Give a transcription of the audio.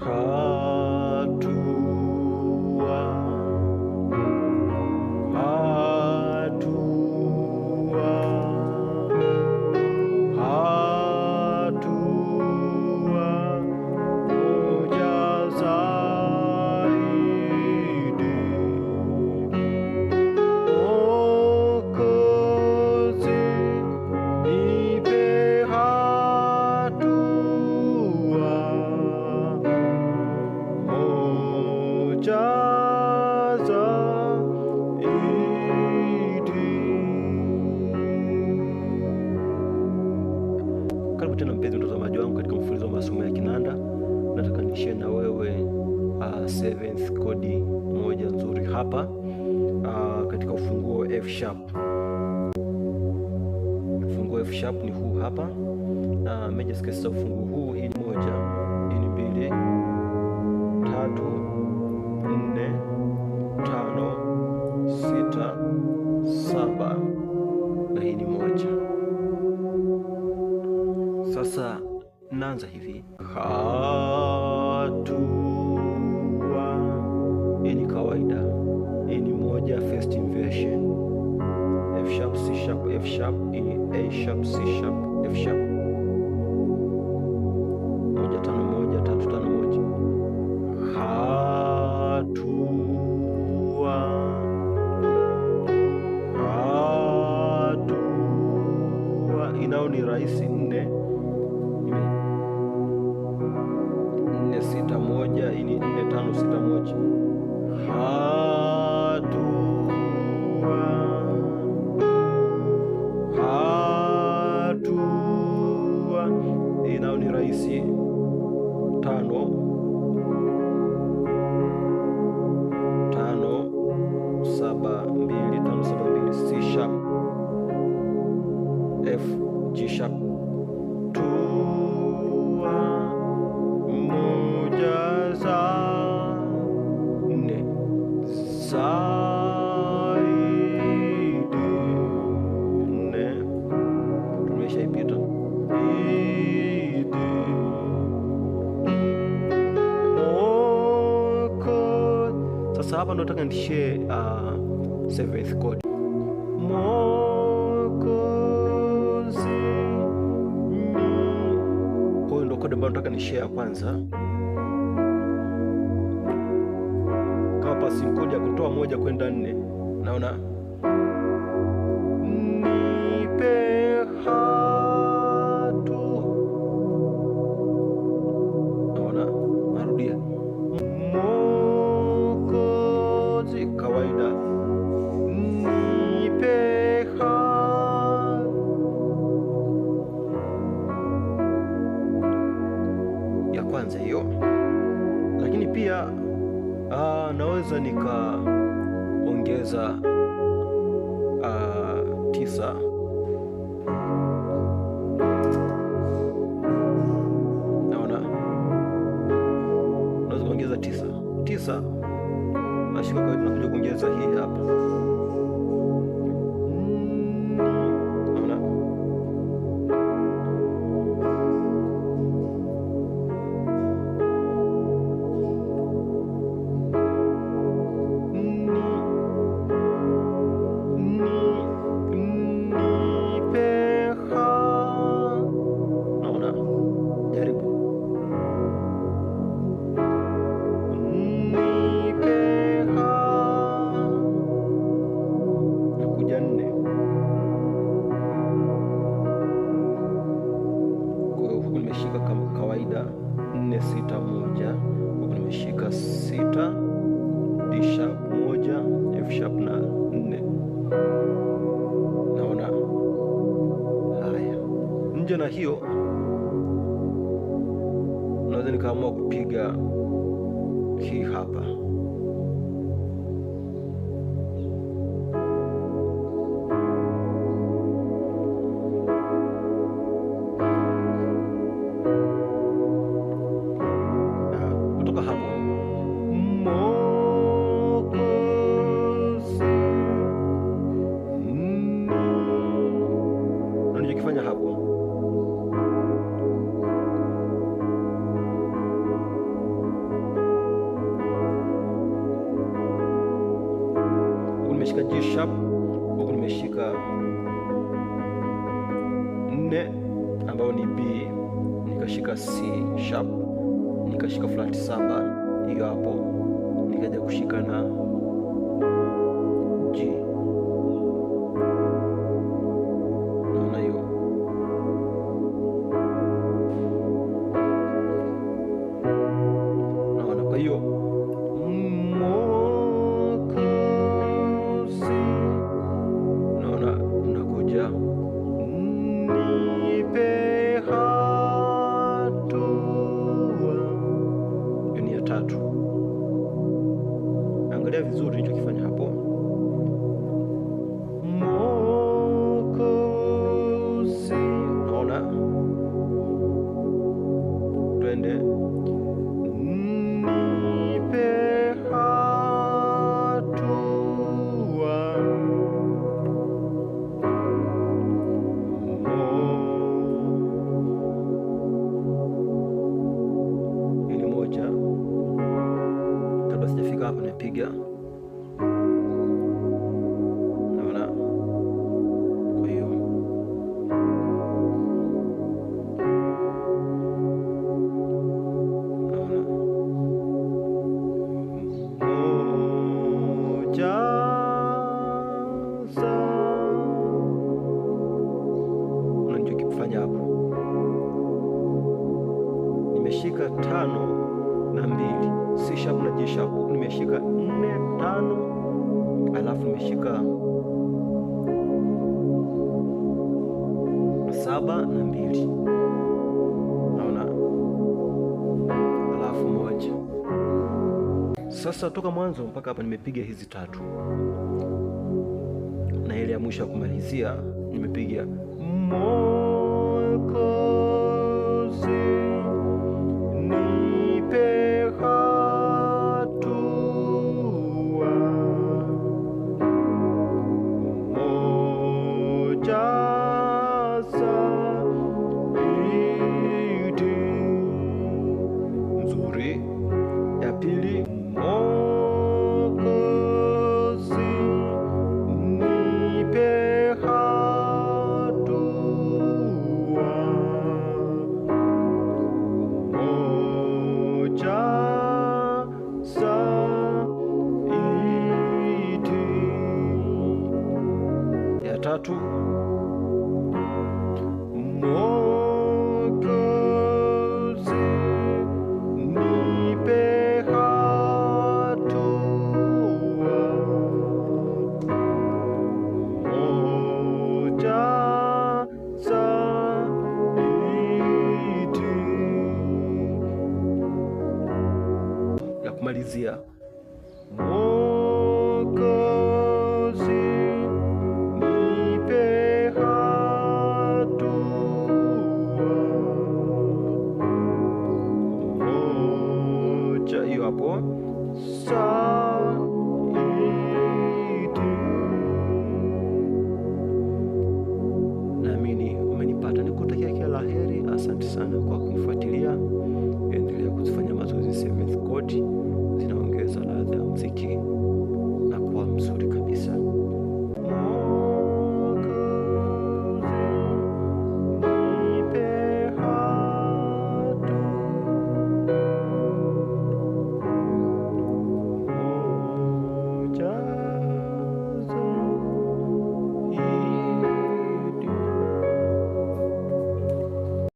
Oh. tena mpenzi mtazamaji wangu katika mfululizo wa masomo ya kinanda, nataka nishie na wewe uh, seventh kodi moja nzuri hapa uh, katika ufunguo F sharp. Ufunguo F sharp ni huu hapa na uh, major scales za ufunguo huu, hii ni moja, hii ni mbili, tatu, nne, tano, sita, saba na hii ni moja. Sasa naanza hivi hatua, hii ni kawaida, hii ni moja, first inversion F sharp C sharp F sharp e, A sharp C sharp F sharp Tusaidie. Nne tumeshaipita. Sasa hapa ndo nataka nishare uh, seventh chord. Mwokozi, ndo chord ambayo nataka nishare kwanza. wa sinkodi ya kutoa moja kwenda nne, naona naona narudia kawaida, ya kwanza hiyo, lakini pia Aa, ah, naweza nikaongeza ah, tisa naona, naweza kuongeza tisa tisa F sharp na nne. Naona haya nje na hiyo, naweza nikaamua kupiga hii hapa hapo. Huku nimeshika G sharp, huku nimeshika nne ambayo ni B, nikashika C sharp, nikashika flat saba hiyo hapo, nikaja kushika na tatu. Angalia vizuri nilichokifanya hapo. nimeshika huku, nimeshika nne tano, alafu nimeshika saba na mbili, naona alafu moja. Sasa toka mwanzo mpaka hapa nimepiga hizi tatu na ile ya mwisho ya kumalizia nimepiga moja tu Asante sana kwa kunifuatilia.